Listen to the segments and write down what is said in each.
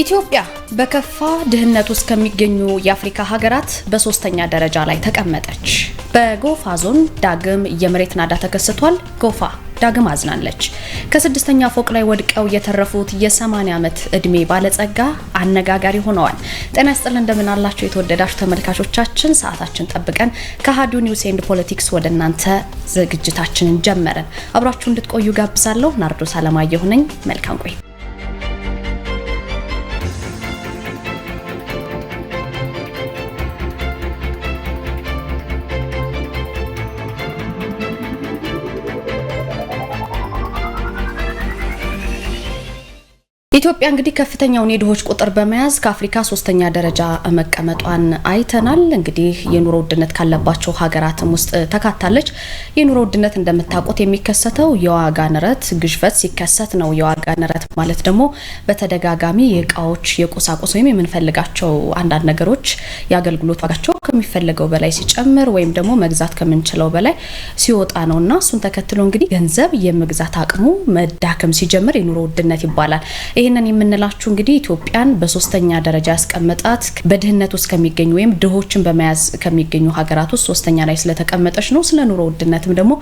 ኢትዮጵያ በከፋ ድህነት ውስጥ ከሚገኙ የአፍሪካ ሀገራት በሶስተኛ ደረጃ ላይ ተቀመጠች። በጎፋ ዞን ዳግም የመሬት ናዳ ተከስቷል። ጎፋ ዳግም አዝናለች። ከስድስተኛ ፎቅ ላይ ወድቀው የተረፉት የ80 ዓመት እድሜ ባለጸጋ አነጋጋሪ ሆነዋል። ጤና ይስጥልን እንደምናላቸው አላቸው የተወደዳችሁ ተመልካቾቻችን፣ ሰዓታችን ጠብቀን ከአሀዱ ኒውስ ኤንድ ፖለቲክስ ወደ እናንተ ዝግጅታችንን ጀመረን። አብራችሁ እንድትቆዩ ጋብዛለሁ። ናርዶስ አለማየሁ ነኝ። መልካም ቆይ ኢትዮጵያ እንግዲህ ከፍተኛውን የድሆች ቁጥር በመያዝ ከአፍሪካ ሶስተኛ ደረጃ መቀመጧን አይተናል። እንግዲህ የኑሮ ውድነት ካለባቸው ሀገራትም ውስጥ ተካታለች። የኑሮ ውድነት እንደምታውቁት የሚከሰተው የዋጋ ንረት ግሽበት ሲከሰት ነው። የዋጋ ንረት ማለት ደግሞ በተደጋጋሚ የእቃዎች፣ የቁሳቁስ ወይም የምንፈልጋቸው አንዳንድ ነገሮች የአገልግሎት ዋጋቸው ከሚፈለገው በላይ ሲጨምር ወይም ደግሞ መግዛት ከምንችለው በላይ ሲወጣ ነው እና እሱን ተከትሎ እንግዲህ ገንዘብ የመግዛት አቅሙ መዳከም ሲጀምር የኑሮ ውድነት ይባላል። ይህንን የምንላችሁ እንግዲህ ኢትዮጵያን በሶስተኛ ደረጃ ያስቀመጣት በድህነት ውስጥ ከሚገኙ ወይም ድሆችን በመያዝ ከሚገኙ ሀገራት ውስጥ ሶስተኛ ላይ ስለተቀመጠች ነው። ስለ ኑሮ ውድነትም ደግሞ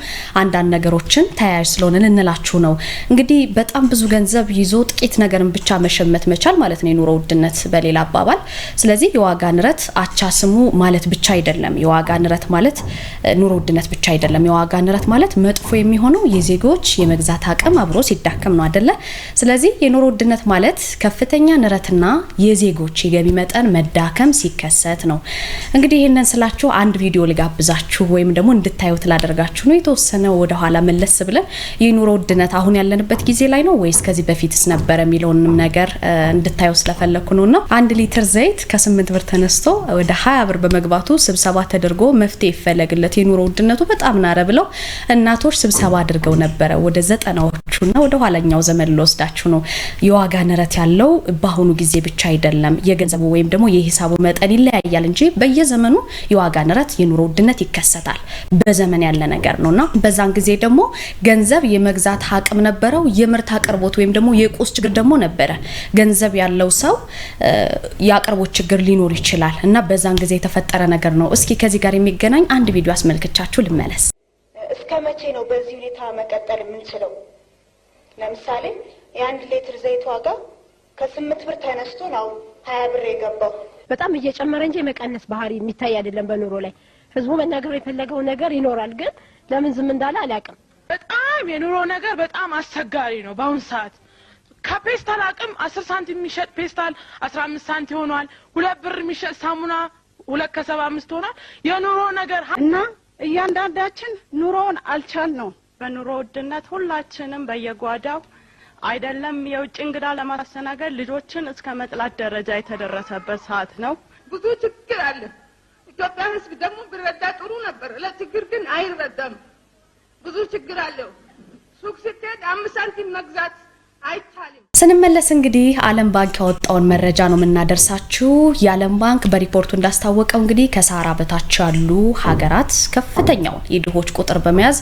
አንዳንድ ነገሮችን ተያያዥ ስለሆነ ልንላችሁ ነው። እንግዲህ በጣም ብዙ ገንዘብ ይዞ ጥቂት ነገርን ብቻ መሸመት መቻል ማለት ነው የኑሮ ውድነት በሌላ አባባል። ስለዚህ የዋጋ ንረት አቻ ስሙ ማለት ብቻ አይደለም። የዋጋ ንረት ማለት ኑሮ ውድነት ብቻ አይደለም። የዋጋ ንረት ማለት መጥፎ የሚሆነው የዜጎች የመግዛት አቅም አብሮ ሲዳከም ነው አደለ? ስለዚህ የኑሮ ውድነት ማለት ከፍተኛ ንረትና የዜጎች የገቢ መጠን መዳከም ሲከሰት ነው። እንግዲህ ይህንን ስላችሁ አንድ ቪዲዮ ልጋብዛችሁ ወይም ደግሞ እንድታዩት ላደርጋችሁ ነው። የተወሰነ ወደኋላ መለስ ብለን የኑሮ ውድነት አሁን ያለንበት ጊዜ ላይ ነው ወይስ ከዚህ በፊትስ ነበረ የሚለውንም ነገር እንድታዩ ስለፈለግኩ ነው። እና አንድ ሊትር ዘይት ከስምንት ብር ተነስቶ ወደ ሀያ ብር በመ መግባቱ ስብሰባ ተደርጎ መፍትሄ ይፈለግለት የኑሮ ውድነቱ በጣም ናረ ብለው እናቶች ስብሰባ አድርገው ነበረ ወደ ዘጠናዎቹ ልውሰዳችሁና ወደ ኋላኛው ዘመን ልወስዳችሁ ነው። የዋጋ ንረት ያለው በአሁኑ ጊዜ ብቻ አይደለም። የገንዘቡ ወይም ደግሞ የሂሳቡ መጠን ይለያያል እንጂ በየዘመኑ የዋጋ ንረት፣ የኑሮ ውድነት ይከሰታል። በዘመን ያለ ነገር ነው እና በዛን ጊዜ ደግሞ ገንዘብ የመግዛት አቅም ነበረው። የምርት አቅርቦት ወይም ደግሞ የቁስ ችግር ደግሞ ነበረ። ገንዘብ ያለው ሰው የአቅርቦት ችግር ሊኖር ይችላል እና በዛን ጊዜ የተፈጠረ ነገር ነው። እስኪ ከዚህ ጋር የሚገናኝ አንድ ቪዲዮ አስመልክቻችሁ ልመለስ። እስከ መቼ ነው በዚህ ሁኔታ መቀጠል የምንችለው? ለምሳሌ የአንድ ሌትር ዘይት ዋጋ ከስምንት ብር ተነስቶ ነው ሀያ ብር የገባው። በጣም እየጨመረ እንጂ የመቀነስ ባህሪ የሚታይ አይደለም። በኑሮ ላይ ህዝቡ መናገር የፈለገው ነገር ይኖራል። ግን ለምን ዝም እንዳለ አላውቅም። በጣም የኑሮ ነገር በጣም አስቸጋሪ ነው በአሁኑ ሰዓት። ከፔስታል አቅም አስር ሳንቲም የሚሸጥ ፔስታል አስራ አምስት ሳንቲ ሆኗል። ሁለት ብር የሚሸጥ ሳሙና ሁለት ከሰባ አምስት ሆኗል። የኑሮ ነገር እና እያንዳንዳችን ኑሮውን አልቻል ነው በኑሮ ውድነት ሁላችንም በየጓዳው አይደለም የውጭ እንግዳ ለማስተናገድ ልጆችን እስከ መጥላት ደረጃ የተደረሰበት ሰዓት ነው። ብዙ ችግር አለ። ኢትዮጵያ ሕዝብ ደግሞ ብረዳ ጥሩ ነበር። ለችግር ግን አይረዳም። ብዙ ችግር አለው። ሱቅ ስትሄድ አምስት ሳንቲም መግዛት ስንመለስ እንግዲህ ዓለም ባንክ ያወጣውን መረጃ ነው የምናደርሳችሁ። የዓለም ባንክ በሪፖርቱ እንዳስታወቀው እንግዲህ ከሰሃራ በታች ያሉ ሀገራት ከፍተኛውን የድሆች ቁጥር በመያዝ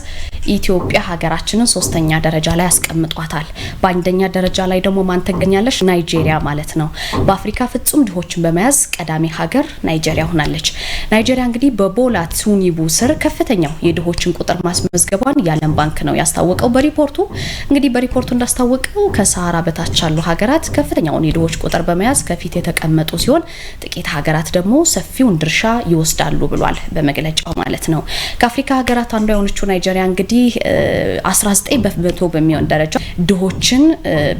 ኢትዮጵያ ሀገራችንን ሶስተኛ ደረጃ ላይ ያስቀምጧታል። በአንደኛ ደረጃ ላይ ደግሞ ማን ትገኛለች? ናይጄሪያ ማለት ነው። በአፍሪካ ፍጹም ድሆችን በመያዝ ቀዳሚ ሀገር ናይጄሪያ ሆናለች። ናይጄሪያ እንግዲህ በቦላ ቲኑቡ ስር ከፍተኛው የድሆችን ቁጥር ማስመዝገቧን የዓለም ባንክ ነው ያስታወቀው በሪፖርቱ። እንግዲህ በሪፖርቱ እንዳስታወቀው ከሰሃራ በታች ያሉ ሀገራት ከፍተኛውን የድሆች ቁጥር በመያዝ ከፊት የተቀመጡ ሲሆን፣ ጥቂት ሀገራት ደግሞ ሰፊውን ድርሻ ይወስዳሉ ብሏል በመግለጫው ማለት ነው። ከአፍሪካ ሀገራት አንዷ የሆነችው ናይጄሪያ እንግዲህ እንግዲህ 19 በመቶ በሚሆን ደረጃ ድሆችን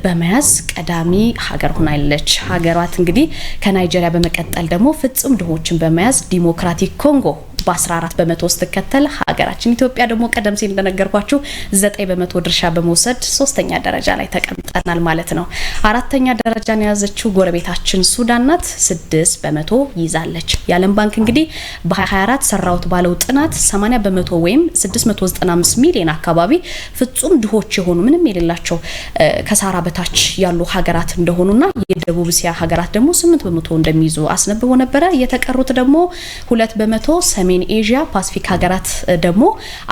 በመያዝ ቀዳሚ ሀገር ሆናለች። ሀገሯት እንግዲህ ከናይጄሪያ በመቀጠል ደግሞ ፍጹም ድሆችን በመያዝ ዲሞክራቲክ ኮንጎ በ14 በመቶ ስትከተል ሀገራችን ኢትዮጵያ ደግሞ ቀደም ሲል እንደነገርኳችሁ ዘጠኝ በመቶ ድርሻ በመውሰድ ሶስተኛ ደረጃ ላይ ተቀምጠናል ማለት ነው። አራተኛ ደረጃን የያዘችው ጎረቤታችን ሱዳን ናት፣ ስድስት በመቶ ይዛለች። የዓለም ባንክ እንግዲህ በ 24 ሰራውት ባለው ጥናት 80 በመቶ ወይም 695 ሚሊዮን አካባቢ ፍጹም ድሆች የሆኑ ምንም የሌላቸው ከሳራ በታች ያሉ ሀገራት እንደሆኑና የደቡብ እስያ ሀገራት ደግሞ 8 በመቶ እንደሚይዙ አስነብቦ ነበረ። የተቀሩት ደግሞ ሁለት በመቶ ሰሜን ኤዥያ ፓሲፊክ ሀገራት ደግሞ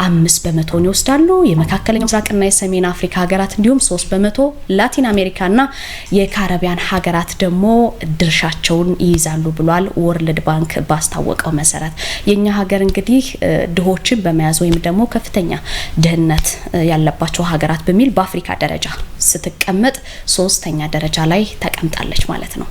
አምስት በመቶን ይወስዳሉ። የመካከለኛ ምስራቅና የሰሜን አፍሪካ ሀገራት እንዲሁም ሶስት በመቶ ላቲን አሜሪካና የካረቢያን ሀገራት ደግሞ ድርሻቸውን ይይዛሉ ብሏል ወርልድ ባንክ ባስታወቀው መሰረት የእኛ ሀገር እንግዲህ ድሆችን በመያዝ ወይም ደግሞ ከፍተኛ ድህነት ያለባቸው ሀገራት በሚል በአፍሪካ ደረጃ ስትቀመጥ ሶስተኛ ደረጃ ላይ ተቀምጣለች ማለት ነው።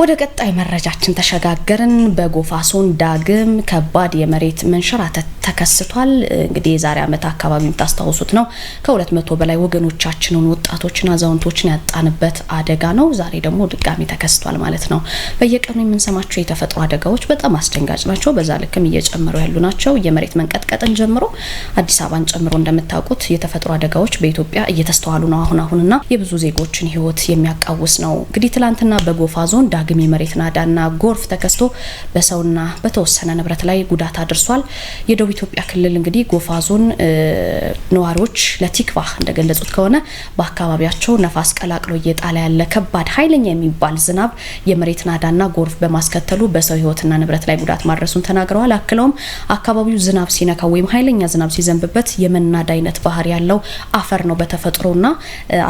ወደ ቀጣይ መረጃችን ተሸጋገርን። በጎፋ ዞን ዳግም ከባድ የመሬት መንሸራተት ተከስቷል። እንግዲህ የዛሬ ዓመት አካባቢ የምታስታውሱት ነው። ከሁለት መቶ በላይ ወገኖቻችንን ወጣቶችን፣ አዛውንቶችን ያጣንበት አደጋ ነው። ዛሬ ደግሞ ድጋሚ ተከስቷል ማለት ነው። በየቀኑ የምንሰማቸው የተፈጥሮ አደጋዎች በጣም አስደንጋጭ ናቸው። በዛ ልክም እየጨመሩ ያሉ ናቸው። የመሬት መንቀጥቀጥን ጀምሮ አዲስ አበባን ጨምሮ እንደምታውቁት የተፈጥሮ አደጋዎች በኢትዮጵያ እየተስተዋሉ ነው አሁን አሁንና የብዙ ዜጎችን ህይወት የሚያቃውስ ነው። እንግዲህ ትላንትና በጎፋ ዞን ዳግም የመሬት ናዳና ጎርፍ ተከስቶ በሰውና በተወሰነ ንብረት ላይ ጉዳት አድርሷል። የደቡብ ኢትዮጵያ ክልል እንግዲህ ጎፋ ዞን ነዋሪዎች ለቲክቫህ እንደገለጹት ከሆነ በአካባቢያቸው ነፋስ ቀላቅሎ እየጣለ ያለ ከባድ ኃይለኛ የሚባል ዝናብ የመሬት ናዳና ጎርፍ በማስከተሉ በሰው ሕይወትና ንብረት ላይ ጉዳት ማድረሱን ተናግረዋል። አክለውም አካባቢው ዝናብ ሲነካው ወይም ኃይለኛ ዝናብ ሲዘንብበት የመናድ አይነት ባህሪ ያለው አፈር ነው በተፈጥሮና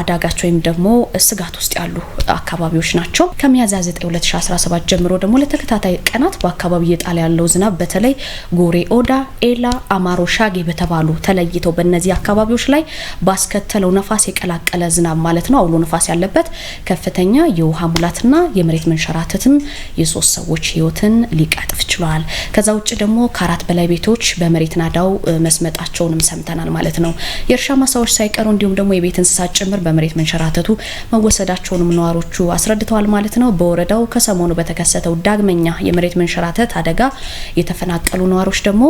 አዳጋች ወይም ደግሞ ስጋት ውስጥ ያሉ አካባቢዎች ናቸው። ከሚያዝያ 2017 ጀምሮ ደግሞ ለተከታታይ ቀናት በአካባቢ እየጣለ ያለው ዝናብ በተለይ ጎሬ ኦዳ፣ ኤላ፣ አማሮ፣ ሻጌ በተባሉ ተለይተው በእነዚህ አካባቢዎች ላይ ባስከተለው ነፋስ የቀላቀለ ዝናብ ማለት ነው አውሎ ነፋስ ያለበት ከፍተኛ የውሃ ሙላትና የመሬት መንሸራተትም የሶስት ሰዎች ህይወትን ሊቀጥፍ ችሏል። ከዛ ውጭ ደግሞ ከአራት በላይ ቤቶች በመሬት ናዳው መስመጣቸውንም ሰምተናል ማለት ነው። የእርሻ ማሳዎች ሳይቀሩ እንዲሁም ደግሞ የቤት እንስሳት ጭምር በመሬት መንሸራተቱ መወሰዳቸውንም ነዋሮቹ አስረድተዋል ማለት ነው። በወረዳ ወርደው ከሰሞኑ በተከሰተው ዳግመኛ የመሬት መንሸራተት አደጋ የተፈናቀሉ ነዋሪዎች ደግሞ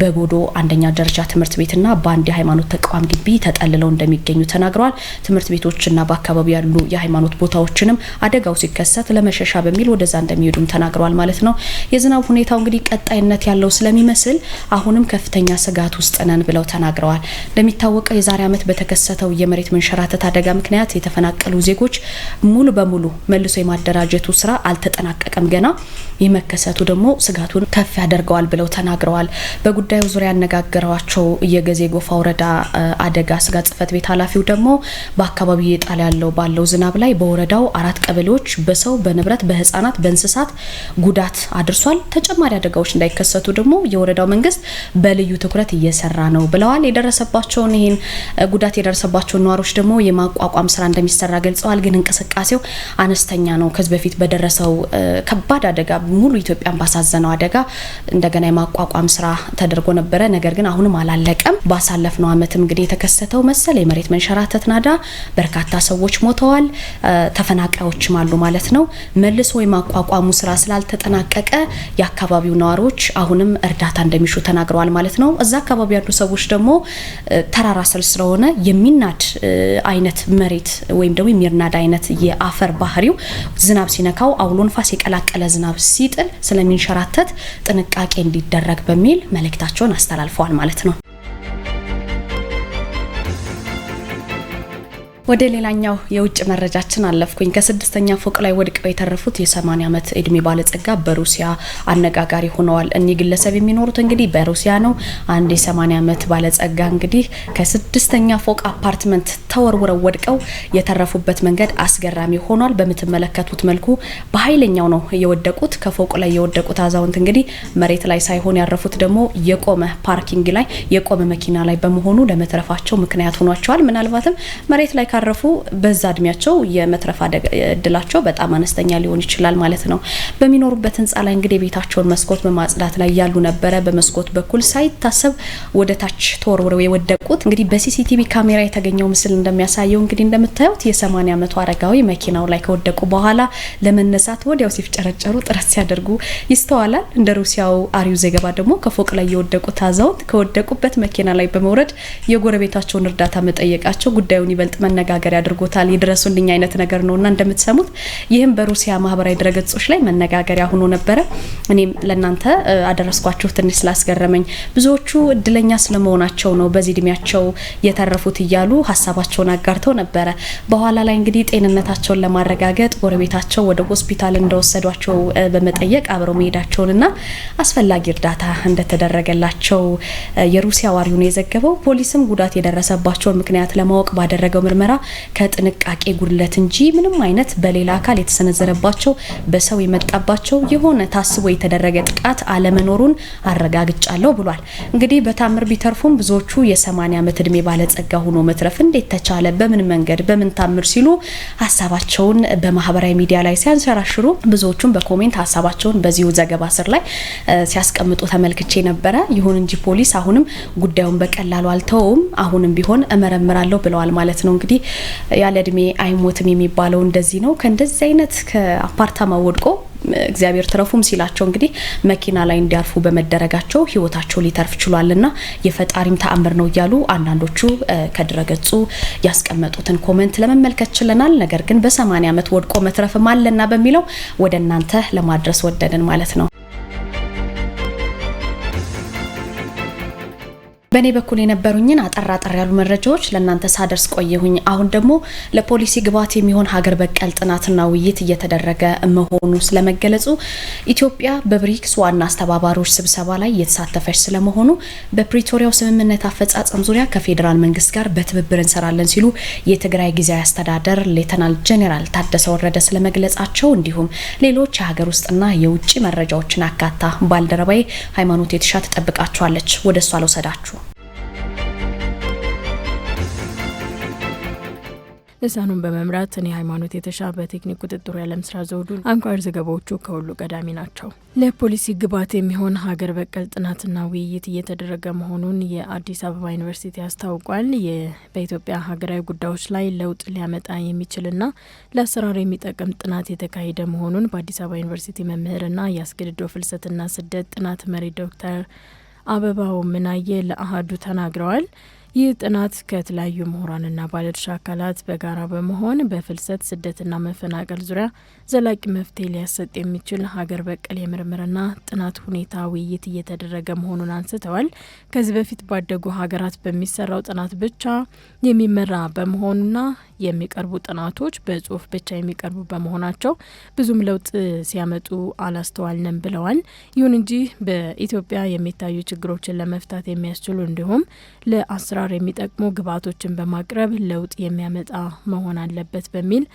በጎዶ አንደኛ ደረጃ ትምህርት ቤትና በአንድ የሃይማኖት ተቋም ግቢ ተጠልለው እንደሚገኙ ተናግረዋል። ትምህርት ቤቶችና በአካባቢው ያሉ የሃይማኖት ቦታዎችንም አደጋው ሲከሰት ለመሸሻ በሚል ወደዛ እንደሚሄዱም ተናግረዋል ማለት ነው። የዝናብ ሁኔታው እንግዲህ ቀጣይነት ያለው ስለሚመስል አሁንም ከፍተኛ ስጋት ውስጥ ነን ብለው ተናግረዋል። እንደሚታወቀው የዛሬ ዓመት በተከሰተው የመሬት መንሸራተት አደጋ ምክንያት የተፈናቀሉ ዜጎች ሙሉ በሙሉ መልሶ የማደራጀቱ ስራ አልተጠናቀቀም ገና። የመከሰቱ ደግሞ ስጋቱን ከፍ ያደርገዋል ብለው ተናግረዋል። በጉዳዩ ዙሪያ ያነጋገሯቸው የገዜ ጎፋ ወረዳ አደጋ ስጋት ጽሕፈት ቤት ኃላፊው ደግሞ በአካባቢው የጣል ያለው ባለው ዝናብ ላይ በወረዳው አራት ቀበሌዎች በሰው በንብረት በህፃናት በእንስሳት ጉዳት አድርሷል። ተጨማሪ አደጋዎች እንዳይከሰቱ ደግሞ የወረዳው መንግስት በልዩ ትኩረት እየሰራ ነው ብለዋል። የደረሰባቸውን ይህን ጉዳት የደረሰባቸውን ነዋሪዎች ደግሞ የማቋቋም ስራ እንደሚሰራ ገልጸዋል። ግን እንቅስቃሴው አነስተኛ ነው። ከዚህ በፊት በደረሰው ከባድ አደጋ ሙሉ ኢትዮጵያን ባሳዘነው አደጋ እንደገና የማቋቋም ስራ ተደርጎ ነበረ። ነገር ግን አሁንም አላለቀም። ባሳለፍነው አመት እንግዲህ የተከሰተው መሰል የመሬት መንሸራተት ናዳ በርካታ ሰዎች ሞተዋል፣ ተፈናቃዮችም አሉ ማለት ነው። መልሶ የማቋቋሙ ስራ ስላልተጠናቀቀ የአካባቢው ነዋሪዎች አሁንም እርዳታ እንደሚሹ ተናግረዋል ማለት ነው። እዛ አካባቢ ያሉ ሰዎች ደግሞ ተራራ ስር ስለሆነ የሚናድ አይነት መሬት ወይም ደግሞ የሚርናድ አይነት የአፈር ባህሪው ዝናብ ሲነ ሲነካው አውሎ ንፋስ የቀላቀለ ዝናብ ሲጥል ስለሚንሸራተት ጥንቃቄ እንዲደረግ በሚል መልእክታቸውን አስተላልፈዋል ማለት ነው። ወደ ሌላኛው የውጭ መረጃችን አለፍኩኝ። ከስድስተኛ ፎቅ ላይ ወድቀው የተረፉት የ80 ዓመት እድሜ ባለጸጋ በሩሲያ አነጋጋሪ ሆነዋል። እኒህ ግለሰብ የሚኖሩት እንግዲህ በሩሲያ ነው። አንድ የ80 ዓመት ባለጸጋ እንግዲህ ከስድስተኛ ፎቅ አፓርትመንት ተወርውረው ወድቀው የተረፉበት መንገድ አስገራሚ ሆኗል። በምትመለከቱት መልኩ በኃይለኛው ነው የወደቁት። ከፎቅ ላይ የወደቁት አዛውንት እንግዲህ መሬት ላይ ሳይሆን ያረፉት ደግሞ የቆመ ፓርኪንግ ላይ የቆመ መኪና ላይ በመሆኑ ለመትረፋቸው ምክንያት ሆኗቸዋል። ምናልባትም መሬት ላይ ካረፉ በዛ እድሜያቸው የመትረፍ እድላቸው በጣም አነስተኛ ሊሆን ይችላል ማለት ነው። በሚኖሩበት ህንፃ ላይ እንግዲህ ቤታቸውን መስኮት በማጽዳት ላይ ያሉ ነበረ። በመስኮት በኩል ሳይታሰብ ወደ ታች ተወርውረው የወደቁት እንግዲህ በሲሲቲቪ ካሜራ የተገኘው ምስል እንደሚያሳየው እንግዲህ እንደምታዩት የ80 ዓመቱ አረጋዊ መኪናው ላይ ከወደቁ በኋላ ለመነሳት ወዲያው ሲፍጨረጨሩ ጥረት ሲያደርጉ ይስተዋላል። እንደ ሩሲያው አሪው ዘገባ ደግሞ ከፎቅ ላይ የወደቁት አዛውንት ከወደቁበት መኪና ላይ በመውረድ የጎረቤታቸውን እርዳታ መጠየቃቸው ጉዳዩን ይበልጥ መነጋ መነጋገሪያ ያድርጎታል የድረሱልኝ አይነት ነገር ነው እና እንደምትሰሙት ይህም በሩሲያ ማህበራዊ ድረገጾች ላይ መነጋገሪያ ሆኖ ነበረ። እኔም ለእናንተ አደረስኳችሁ ትንሽ ስላስገረመኝ ብዙዎቹ እድለኛ ስለመሆናቸው ነው በዚህ እድሜያቸው የተረፉት እያሉ ሀሳባቸውን አጋርተው ነበረ። በኋላ ላይ እንግዲህ ጤንነታቸውን ለማረጋገጥ ጎረቤታቸው ወደ ሆስፒታል እንደወሰዷቸው በመጠየቅ አብረው መሄዳቸውንና አስፈላጊ እርዳታ እንደተደረገላቸው የሩሲያ ዋሪው ነው የዘገበው። ፖሊስም ጉዳት የደረሰባቸውን ምክንያት ለማወቅ ባደረገው ምርመራ ከጥንቃቄ ጉድለት እንጂ ምንም አይነት በሌላ አካል የተሰነዘረባቸው በሰው የመጣባቸው የሆነ ታስቦ የተደረገ ጥቃት አለመኖሩን አረጋግጫለሁ ብሏል። እንግዲህ በታምር ቢተርፉም ብዙዎቹ የ80 ዓመት እድሜ ባለጸጋ ሆኖ መትረፍ እንዴት ተቻለ፣ በምን መንገድ፣ በምን ታምር ሲሉ ሀሳባቸውን በማህበራዊ ሚዲያ ላይ ሲያንሸራሽሩ ብዙዎቹም በኮሜንት ሀሳባቸውን በዚሁ ዘገባ ስር ላይ ሲያስቀምጡ ተመልክቼ ነበረ። ይሁን እንጂ ፖሊስ አሁንም ጉዳዩን በቀላሉ አልተወውም፣ አሁንም ቢሆን እመረምራለሁ ብለዋል ማለት ነው። እንግዲህ ያለ እድሜ አይሞትም የሚባለው እንደዚህ ነው። ከእንደዚህ አይነት ከአፓርታማ ወድቆ እግዚአብሔር ትረፉም ሲላቸው እንግዲህ መኪና ላይ እንዲያርፉ በመደረጋቸው ህይወታቸው ሊተርፍ ችሏልና የፈጣሪም ተአምር ነው እያሉ አንዳንዶቹ ከድረገጹ ያስቀመጡትን ኮመንት ለመመልከት ችለናል። ነገር ግን በ80 ዓመት ወድቆ መትረፍም አለና በሚለው ወደ እናንተ ለማድረስ ወደድን ማለት ነው። በእኔ በኩል የነበሩኝን አጠር አጠር ያሉ መረጃዎች ለእናንተ ሳደርስ ቆየሁኝ። አሁን ደግሞ ለፖሊሲ ግብዓት የሚሆን ሀገር በቀል ጥናትና ውይይት እየተደረገ መሆኑ ስለመገለጹ፣ ኢትዮጵያ በብሪክስ ዋና አስተባባሪዎች ስብሰባ ላይ እየተሳተፈች ስለመሆኑ፣ በፕሪቶሪያው ስምምነት አፈጻጸም ዙሪያ ከፌዴራል መንግስት ጋር በትብብር እንሰራለን ሲሉ የትግራይ ጊዜያዊ አስተዳደር ሌተናል ጄኔራል ታደሰ ወረደ ስለመግለጻቸው፣ እንዲሁም ሌሎች የሀገር ውስጥና የውጭ መረጃዎችን አካታ ባልደረባዬ ሃይማኖት የተሻ ትጠብቃችኋለች። ወደ እሷ ለውሰዳችሁ። ልሳኑን በመምራት እኔ ሃይማኖት የተሻ፣ በቴክኒክ ቁጥጥሩ ያለም ስራ ዘውዱ። አንኳር ዘገባዎቹ ከሁሉ ቀዳሚ ናቸው። ለፖሊሲ ግብዓት የሚሆን ሀገር በቀል ጥናትና ውይይት እየተደረገ መሆኑን የአዲስ አበባ ዩኒቨርሲቲ አስታውቋል። በኢትዮጵያ ሀገራዊ ጉዳዮች ላይ ለውጥ ሊያመጣ የሚችልና ለአሰራር የሚጠቅም ጥናት የተካሄደ መሆኑን በአዲስ አበባ ዩኒቨርሲቲ መምህርና የአስገድዶ ፍልሰትና ስደት ጥናት መሪ ዶክተር አበባው ምናየ ለአሀዱ ተናግረዋል። ይህ ጥናት ከተለያዩ ምሁራንና ባለድርሻ አካላት በጋራ በመሆን በፍልሰት ስደትና መፈናቀል ዙሪያ ዘላቂ መፍትሄ ሊያሰጥ የሚችል ሀገር በቀል የምርምርና ጥናት ሁኔታ ውይይት እየተደረገ መሆኑን አንስተዋል። ከዚህ በፊት ባደጉ ሀገራት በሚሰራው ጥናት ብቻ የሚመራ በመሆኑና የሚቀርቡ ጥናቶች በጽሁፍ ብቻ የሚቀርቡ በመሆናቸው ብዙም ለውጥ ሲያመጡ አላስተዋልንም ብለዋል። ይሁን እንጂ በኢትዮጵያ የሚታዩ ችግሮችን ለመፍታት የሚያስችሉ እንዲሁም ለአሰራር የሚጠቅሙ ግብዓቶችን በማቅረብ ለውጥ የሚያመጣ መሆን አለበት በሚል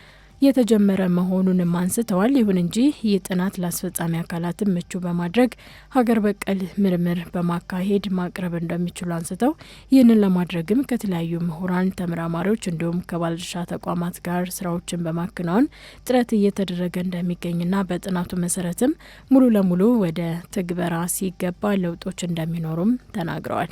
የተጀመረ መሆኑንም አንስተዋል። ይሁን እንጂ ይህ ጥናት ለአስፈጻሚ አካላትም ምቹ በማድረግ ሀገር በቀል ምርምር በማካሄድ ማቅረብ እንደሚችሉ አንስተው ይህንን ለማድረግም ከተለያዩ ምሁራን፣ ተመራማሪዎች እንዲሁም ከባለድርሻ ተቋማት ጋር ስራዎችን በማከናወን ጥረት እየተደረገ እንደሚገኝና በጥናቱ መሰረትም ሙሉ ለሙሉ ወደ ትግበራ ሲገባ ለውጦች እንደሚኖሩም ተናግረዋል።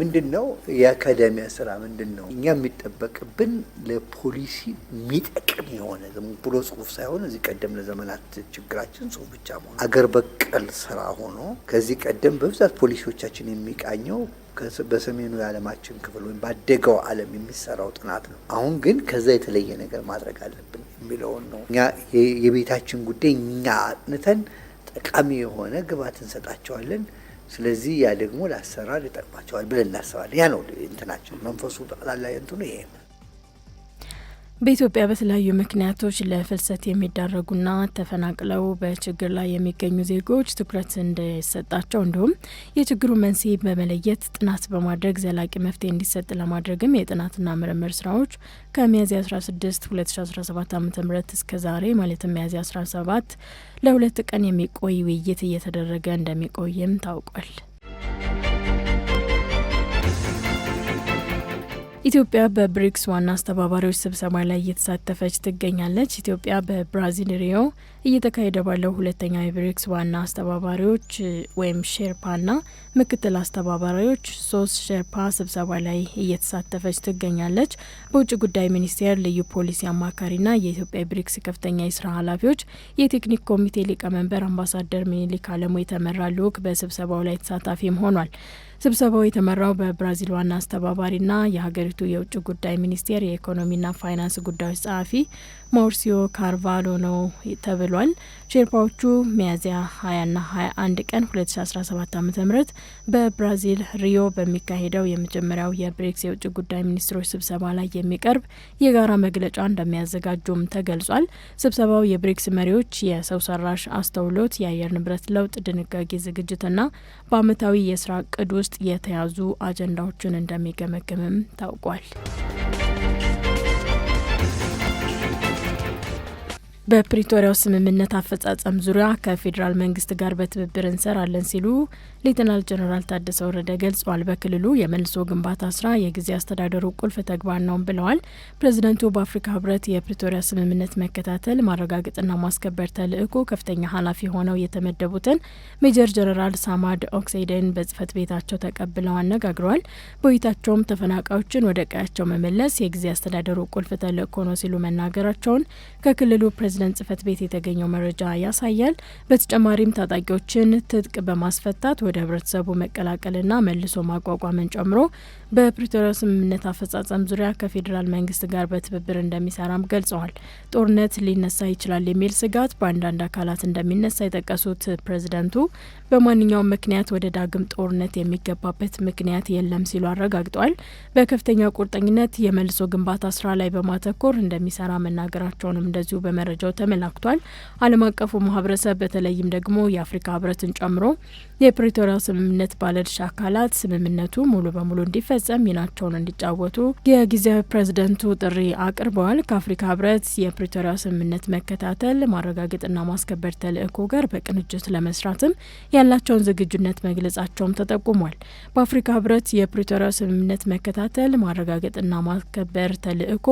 ምንድን ነው የአካዳሚያ ስራ ምንድን ነው? እኛ የሚጠበቅብን ለፖሊሲ የሚጠቅም የሆነ ዝም ብሎ ጽሁፍ ሳይሆን እዚህ ቀደም ለዘመናት ችግራችን ጽሁፍ ብቻ መሆኑ አገር በቀል ስራ ሆኖ ከዚህ ቀደም በብዛት ፖሊሲዎቻችን የሚቃኘው በሰሜኑ የዓለማችን ክፍል ወይም ባደገው ዓለም የሚሰራው ጥናት ነው። አሁን ግን ከዛ የተለየ ነገር ማድረግ አለብን የሚለውን ነው። እኛ የቤታችን ጉዳይ እኛ አጥንተን ጠቃሚ የሆነ ግብዓት እንሰጣቸዋለን። ስለዚህ ያ ደግሞ ለአሰራር ይጠቅማቸዋል ብለን እናስባለን። ያ ነው እንትናቸው መንፈሱ ጠቅላላ እንትኑ ይሄ በኢትዮጵያ በተለያዩ ምክንያቶች ለፍልሰት የሚዳረጉና ተፈናቅለው በችግር ላይ የሚገኙ ዜጎች ትኩረት እንዲሰጣቸው እንዲሁም የችግሩ መንስኤ በመለየት ጥናት በማድረግ ዘላቂ መፍትሄ እንዲሰጥ ለማድረግም የጥናትና ምርምር ስራዎች ከሚያዝያ 16 2017 ዓ ም እስከ ዛሬ ማለትም ሚያዝያ 17 ለሁለት ቀን የሚቆይ ውይይት እየተደረገ እንደሚቆይም ታውቋል። ኢትዮጵያ በብሪክስ ዋና አስተባባሪዎች ስብሰባ ላይ እየተሳተፈች ትገኛለች። ኢትዮጵያ በብራዚል ሪዮ እየተካሄደ ባለው ሁለተኛ የብሪክስ ዋና አስተባባሪዎች ወይም ሼርፓና ምክትል አስተባባሪዎች ሶስት ሼርፓ ስብሰባ ላይ እየተሳተፈች ትገኛለች። በውጭ ጉዳይ ሚኒስቴር ልዩ ፖሊሲ አማካሪና የኢትዮጵያ ብሪክስ ከፍተኛ የስራ ኃላፊዎች የቴክኒክ ኮሚቴ ሊቀመንበር አምባሳደር ሚኒሊክ አለሙ የተመራ ልዑክ በስብሰባው ላይ ተሳታፊም ሆኗል። ስብሰባው የተመራው በብራዚል ዋና አስተባባሪና የሀገሪቱ የውጭ ጉዳይ ሚኒስቴር የኢኮኖሚና ፋይናንስ ጉዳዮች ጸሐፊ ማውሪሲዮ ካርቫሎ ነው ተብሏል። ሼርፓዎቹ ሚያዝያ 20ና 21 ቀን 2017 ዓ.ም በብራዚል ሪዮ በሚካሄደው የመጀመሪያው የብሪክስ የውጭ ጉዳይ ሚኒስትሮች ስብሰባ ላይ የሚቀርብ የጋራ መግለጫ እንደሚያዘጋጁም ተገልጿል። ስብሰባው የብሪክስ መሪዎች የሰው ሰራሽ አስተውሎት፣ የአየር ንብረት ለውጥ ድንጋጌ ዝግጅትና በአመታዊ የስራ እቅድ ውስጥ ውስጥ የተያዙ አጀንዳዎችን እንደሚገመግምም ታውቋል። በፕሪቶሪያው ስምምነት አፈጻጸም ዙሪያ ከፌዴራል መንግስት ጋር በትብብር እንሰራለን ሲሉ ሌተናል ጀነራል ታደሰ ወረደ ገልጸዋል። በክልሉ የመልሶ ግንባታ ስራ የጊዜ አስተዳደሩ ቁልፍ ተግባር ነውም ብለዋል። ፕሬዚደንቱ በአፍሪካ ህብረት የፕሪቶሪያ ስምምነት መከታተል ማረጋገጥና ማስከበር ተልዕኮ ከፍተኛ ኃላፊ ሆነው የተመደቡትን ሜጀር ጀነራል ሳማድ ኦክሴይደን በጽህፈት ቤታቸው ተቀብለው አነጋግረዋል። በውይይታቸውም ተፈናቃዮችን ወደ ቀያቸው መመለስ የጊዜ አስተዳደሩ ቁልፍ ተልዕኮ ነው ሲሉ መናገራቸውን ከክልሉ ከፕሬዝደንት ጽህፈት ቤት የተገኘው መረጃ ያሳያል። በተጨማሪም ታጣቂዎችን ትጥቅ በማስፈታት ወደ ህብረተሰቡ መቀላቀልና መልሶ ማቋቋምን ጨምሮ በፕሪቶሪያ ስምምነት አፈጻጸም ዙሪያ ከፌዴራል መንግስት ጋር በትብብር እንደሚሰራም ገልጸዋል። ጦርነት ሊነሳ ይችላል የሚል ስጋት በአንዳንድ አካላት እንደሚነሳ የጠቀሱት ፕሬዝደንቱ በማንኛውም ምክንያት ወደ ዳግም ጦርነት የሚገባበት ምክንያት የለም ሲሉ አረጋግጠዋል። በከፍተኛ ቁርጠኝነት የመልሶ ግንባታ ስራ ላይ በማተኮር እንደሚሰራ መናገራቸውንም እንደዚሁ በመረጃው ተመላክቷል። ዓለም አቀፉ ማህበረሰብ በተለይም ደግሞ የአፍሪካ ህብረትን ጨምሮ የፕሪቶሪያ ስምምነት ባለድርሻ አካላት ስምምነቱ ሙሉ በሙሉ እንዲፈ በማስፈጸም ሚናቸውን እንዲጫወቱ የጊዜያዊ ፕሬዝደንቱ ጥሪ አቅርበዋል። ከአፍሪካ ህብረት የፕሪቶሪያ ስምምነት መከታተል ማረጋገጥና ማስከበር ተልእኮ ጋር በቅንጅት ለመስራትም ያላቸውን ዝግጁነት መግለጻቸውም ተጠቁሟል። በአፍሪካ ህብረት የፕሪቶሪያ ስምምነት መከታተል ማረጋገጥና ማስከበር ተልእኮ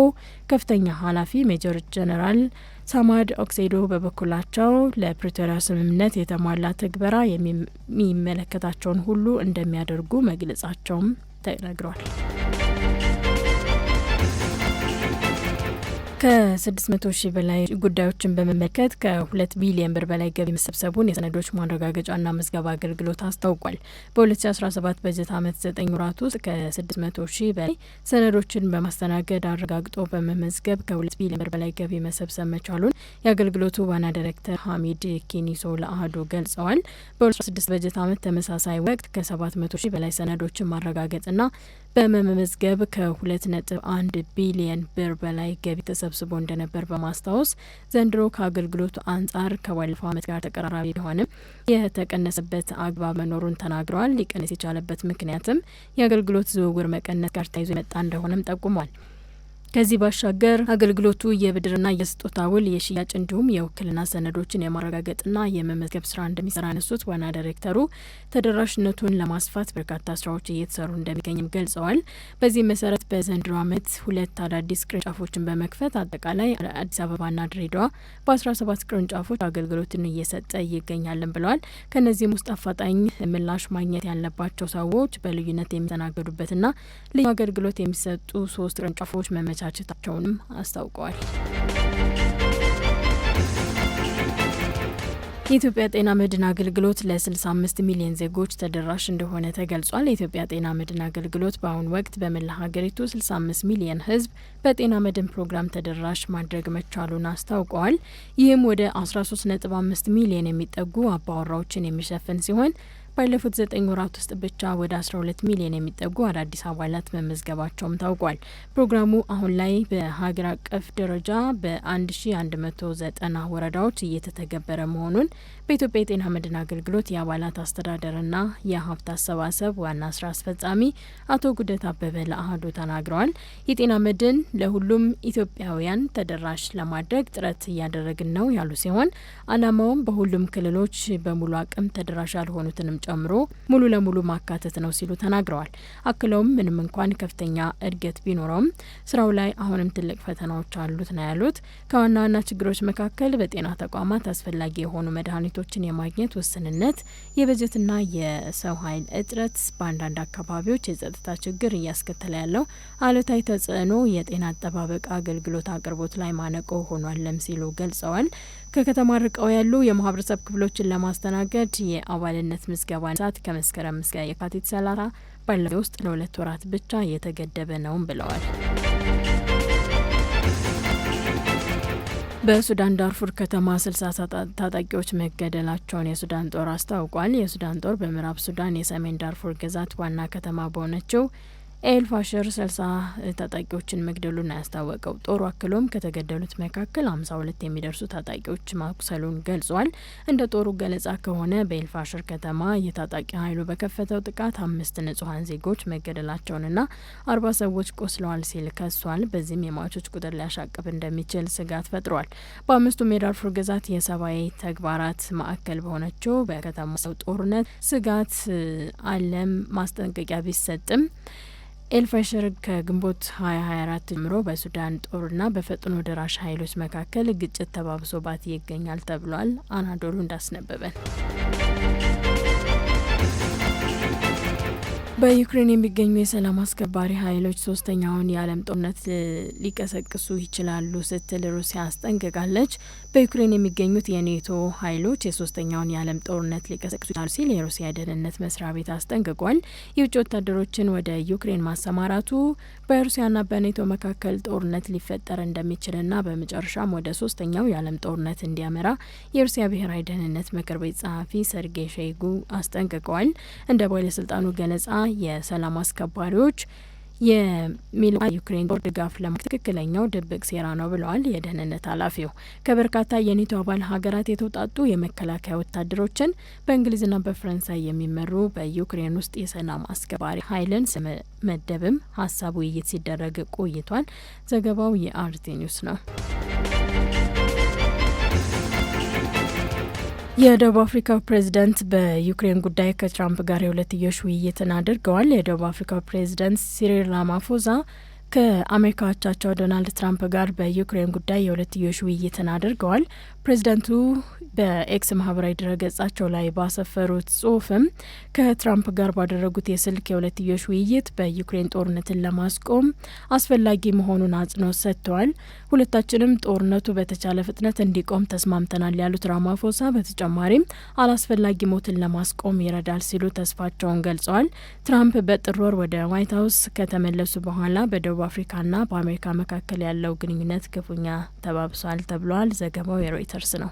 ከፍተኛ ኃላፊ ሜጀር ጀነራል ሳማድ ኦክሴዶ በበኩላቸው ለፕሪቶሪያ ስምምነት የተሟላ ትግበራ የሚመለከታቸውን ሁሉ እንደሚያደርጉ መግለጻቸውም ተነግሯል። ከ600 ሺህ በላይ ጉዳዮችን በመመልከት ከ2 ቢሊዮን ብር በላይ ገቢ መሰብሰቡን የሰነዶች ማረጋገጫና ምዝገባ አገልግሎት አስታውቋል። በ2017 በጀት ዓመት 9 ወራት ውስጥ ከ600 ሺህ በላይ ሰነዶችን በማስተናገድ አረጋግጦ በመመዝገብ ከ2 ቢሊዮን ብር በላይ ገቢ መሰብሰብ መቻሉን የአገልግሎቱ ዋና ዳይሬክተር ሀሚድ ኬኒሶ ለአህዱ ገልጸዋል። በ2016 በጀት ዓመት ተመሳሳይ ወቅት ከ700 ሺህ በላይ ሰነዶችን ማረጋገጥና በመመዝገብ ከ2.1 ቢሊየን ብር በላይ ገቢ ተሰብስቦ እንደነበር በማስታወስ ዘንድሮ ከአገልግሎቱ አንጻር ከባለፈው ዓመት ጋር ተቀራራቢ ቢሆንም የተቀነሰበት አግባብ መኖሩን ተናግረዋል። ሊቀነስ የቻለበት ምክንያትም የአገልግሎት ዝውውር መቀነስ ጋር ተያይዞ የመጣ እንደሆነም ጠቁሟል። ከዚህ ባሻገር አገልግሎቱ የብድርና የስጦታ ውል የሽያጭ እንዲሁም የውክልና ሰነዶችን የማረጋገጥና የመመዝገብ ስራ እንደሚሰራ ያነሱት ዋና ዳይሬክተሩ ተደራሽነቱን ለማስፋት በርካታ ስራዎች እየተሰሩ እንደሚገኝም ገልጸዋል። በዚህ መሰረት በዘንድሮ ዓመት ሁለት አዳዲስ ቅርንጫፎችን በመክፈት አጠቃላይ አዲስ አበባና ድሬዳዋ በ17 ቅርንጫፎች አገልግሎትን እየሰጠ ይገኛልን ብለዋል። ከእነዚህም ውስጥ አፋጣኝ ምላሽ ማግኘት ያለባቸው ሰዎች በልዩነት የሚተናገዱበትና ልዩ አገልግሎት የሚሰጡ ሶስት ቅርንጫፎች መመ ማመቻቸታቸውንም አስታውቀዋል። የኢትዮጵያ ጤና መድን አገልግሎት ለ65 ሚሊዮን ዜጎች ተደራሽ እንደሆነ ተገልጿል። የኢትዮጵያ ጤና መድን አገልግሎት በአሁኑ ወቅት በመላ ሀገሪቱ 65 ሚሊዮን ሕዝብ በጤና መድን ፕሮግራም ተደራሽ ማድረግ መቻሉን አስታውቀዋል። ይህም ወደ 13.5 ሚሊዮን የሚጠጉ አባወራዎችን የሚሸፍን ሲሆን ባለፉት ዘጠኝ ወራት ውስጥ ብቻ ወደ 12 ሚሊዮን የሚጠጉ አዳዲስ አባላት መመዝገባቸውም ታውቋል። ፕሮግራሙ አሁን ላይ በሀገር አቀፍ ደረጃ በ1190 ወረዳዎች እየተተገበረ መሆኑን በኢትዮጵያ የጤና መድን አገልግሎት የአባላት አስተዳደርና የሀብት አሰባሰብ ዋና ስራ አስፈጻሚ አቶ ጉደት አበበ ለአህዱ ተናግረዋል። የጤና መድን ለሁሉም ኢትዮጵያውያን ተደራሽ ለማድረግ ጥረት እያደረግን ነው ያሉ ሲሆን አላማውም በሁሉም ክልሎች በሙሉ አቅም ተደራሽ ያልሆኑትንም ጨምሮ ሙሉ ለሙሉ ማካተት ነው ሲሉ ተናግረዋል። አክለውም ምንም እንኳን ከፍተኛ እድገት ቢኖረውም ስራው ላይ አሁንም ትልቅ ፈተናዎች አሉት ነው ያሉት። ከዋና ዋና ችግሮች መካከል በጤና ተቋማት አስፈላጊ የሆኑ መድኃኒቶች አገልግሎቶችን የማግኘት ውስንነት፣ የበጀትና የሰው ኃይል እጥረት፣ በአንዳንድ አካባቢዎች የጸጥታ ችግር እያስከተለ ያለው አሉታዊ ተጽዕኖ የጤና አጠባበቅ አገልግሎት አቅርቦት ላይ ማነቆ ሆኗለም ሲሉ ገልጸዋል። ከከተማ ርቀው ያሉ የማህበረሰብ ክፍሎችን ለማስተናገድ የአባልነት ምዝገባ ሰዓት ከመስከረም እስከ የካቲት ሰላሳ ባለው ውስጥ ለሁለት ወራት ብቻ የተገደበ ነውም ብለዋል። በሱዳን ዳርፉር ከተማ ስልሳ ታጣቂዎች መገደላቸውን የሱዳን ጦር አስታውቋል። የሱዳን ጦር በምዕራብ ሱዳን የሰሜን ዳርፉር ግዛት ዋና ከተማ በሆነችው ኤልፋሽር ስልሳ ታጣቂዎችን መግደሉን ያስታወቀው ጦሩ አክሎም ከተገደሉት መካከል ሀምሳ ሁለት የሚደርሱ ታጣቂዎች ማቁሰሉን ገልጿል። እንደ ጦሩ ገለጻ ከሆነ በኤልፋሽር ከተማ የታጣቂ ኃይሉ በከፈተው ጥቃት አምስት ንጹሐን ዜጎች መገደላቸውንና አርባ ሰዎች ቆስለዋል ሲል ከሷል። በዚህም የሟቾች ቁጥር ሊያሻቅብ እንደሚችል ስጋት ፈጥሯል። በአምስቱም የዳርፉር ግዛት የሰብአዊ ተግባራት ማዕከል በሆነችው በከተማው ጦርነት ስጋት አለም ማስጠንቀቂያ ቢሰጥም ኤልፈሽር ከግንቦት 2024 ጀምሮ በሱዳን ጦርና በፈጥኖ ደራሽ ኃይሎች መካከል ግጭት ተባብሶባት ይገኛል ተብሏል። አናዶሉ እንዳስነበበን በዩክሬን የሚገኙ የሰላም አስከባሪ ኃይሎች ሶስተኛውን የዓለም ጦርነት ሊቀሰቅሱ ይችላሉ ስትል ሩሲያ አስጠንቅቃለች። በዩክሬን የሚገኙት የኔቶ ኃይሎች የሶስተኛውን የዓለም ጦርነት ሊቀሰቅሱ ይችላሉ ሲል የሩሲያ ደህንነት መስሪያ ቤት አስጠንቅቋል። የውጭ ወታደሮችን ወደ ዩክሬን ማሰማራቱ በሩሲያና በኔቶ መካከል ጦርነት ሊፈጠር እንደሚችልና በመጨረሻም ወደ ሶስተኛው የዓለም ጦርነት እንዲያመራ የሩሲያ ብሔራዊ ደህንነት ምክር ቤት ጸሐፊ ሰርጌይ ሸይጉ አስጠንቅቀዋል። እንደ ባለስልጣኑ ገለጻ የሰላም አስከባሪዎች የሚል ዩክሬን ጦር ድጋፍ ለማግኘት ትክክለኛው ድብቅ ሴራ ነው ብለዋል የደህንነት ኃላፊው። ከበርካታ የኔቶ አባል ሀገራት የተውጣጡ የመከላከያ ወታደሮችን በእንግሊዝና በፈረንሳይ የሚመሩ በዩክሬን ውስጥ የሰላም አስከባሪ ኃይልን ስመደብም ሀሳብ ውይይት ሲደረግ ቆይቷል። ዘገባው የአርቲ ኒውስ ነው። የደቡብ አፍሪካው ፕሬዝደንት በዩክሬን ጉዳይ ከትራምፕ ጋር የሁለትዮሽ ውይይትን አድርገዋል። የደቡብ አፍሪካው ፕሬዝደንት ሲሪል ራማፎዛ ከአሜሪካ አቻቸው ዶናልድ ትራምፕ ጋር በዩክሬን ጉዳይ የሁለትዮሽ ውይይትን አድርገዋል። ፕሬዚደንቱ በኤክስ ማህበራዊ ድረገጻቸው ላይ ባሰፈሩት ጽሁፍም ከትራምፕ ጋር ባደረጉት የስልክ የሁለትዮሽ ውይይት በዩክሬን ጦርነትን ለማስቆም አስፈላጊ መሆኑን አጽንኦት ሰጥተዋል። ሁለታችንም ጦርነቱ በተቻለ ፍጥነት እንዲቆም ተስማምተናል ያሉት ራማፎሳ በተጨማሪም አላስፈላጊ ሞትን ለማስቆም ይረዳል ሲሉ ተስፋቸውን ገልጸዋል። ትራምፕ በጥር ወር ወደ ዋይት ሀውስ ከተመለሱ በኋላ በደቡብ በደቡብ አፍሪካና በአሜሪካ መካከል ያለው ግንኙነት ክፉኛ ተባብሷል ተብሏል። ዘገባው የሮይተርስ ነው።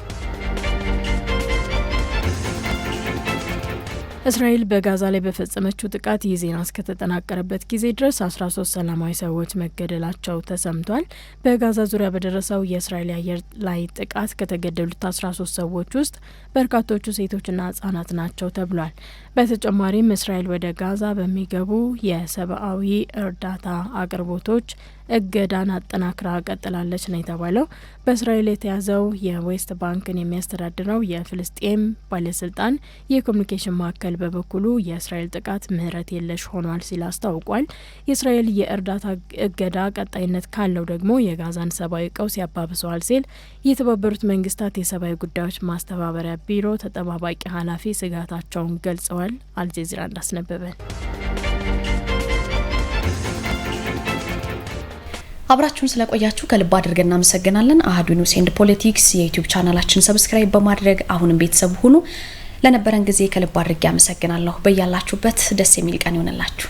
እስራኤል በጋዛ ላይ በፈጸመችው ጥቃት ይህ ዜና እስከተጠናቀረበት ጊዜ ድረስ አስራ ሶስት ሰላማዊ ሰዎች መገደላቸው ተሰምቷል። በጋዛ ዙሪያ በደረሰው የእስራኤል አየር ላይ ጥቃት ከተገደሉት አስራ ሶስት ሰዎች ውስጥ በርካቶቹ ሴቶችና ህጻናት ናቸው ተብሏል። በተጨማሪም እስራኤል ወደ ጋዛ በሚገቡ የሰብአዊ እርዳታ አቅርቦቶች እገዳን አጠናክራ ቀጥላለች ነው የተባለው። በእስራኤል የተያዘው የዌስት ባንክን የሚያስተዳድረው የፍልስጤም ባለስልጣን የኮሚኒኬሽን ማዕከል በበኩሉ የእስራኤል ጥቃት ምህረት የለሽ ሆኗል ሲል አስታውቋል። የእስራኤል የእርዳታ እገዳ ቀጣይነት ካለው ደግሞ የጋዛን ሰብአዊ ቀውስ ያባብሰዋል ሲል የተባበሩት መንግስታት የሰብአዊ ጉዳዮች ማስተባበሪያ ቢሮ ተጠባባቂ ኃላፊ ስጋታቸውን ገልጸዋል። ይዘዋል። አልጀዚራ እንዳስነበበን አብራችሁን ስለቆያችሁ ከልብ አድርገን እናመሰግናለን። አሀዱ ኒውስ ኤንድ ፖለቲክስ የዩቲዩብ ቻናላችን ሰብስክራይብ በማድረግ አሁንም ቤተሰብ ሁኑ። ለነበረን ጊዜ ከልብ አድርጌ አመሰግናለሁ። በያላችሁበት ደስ የሚል ቀን ይሆንላችሁ።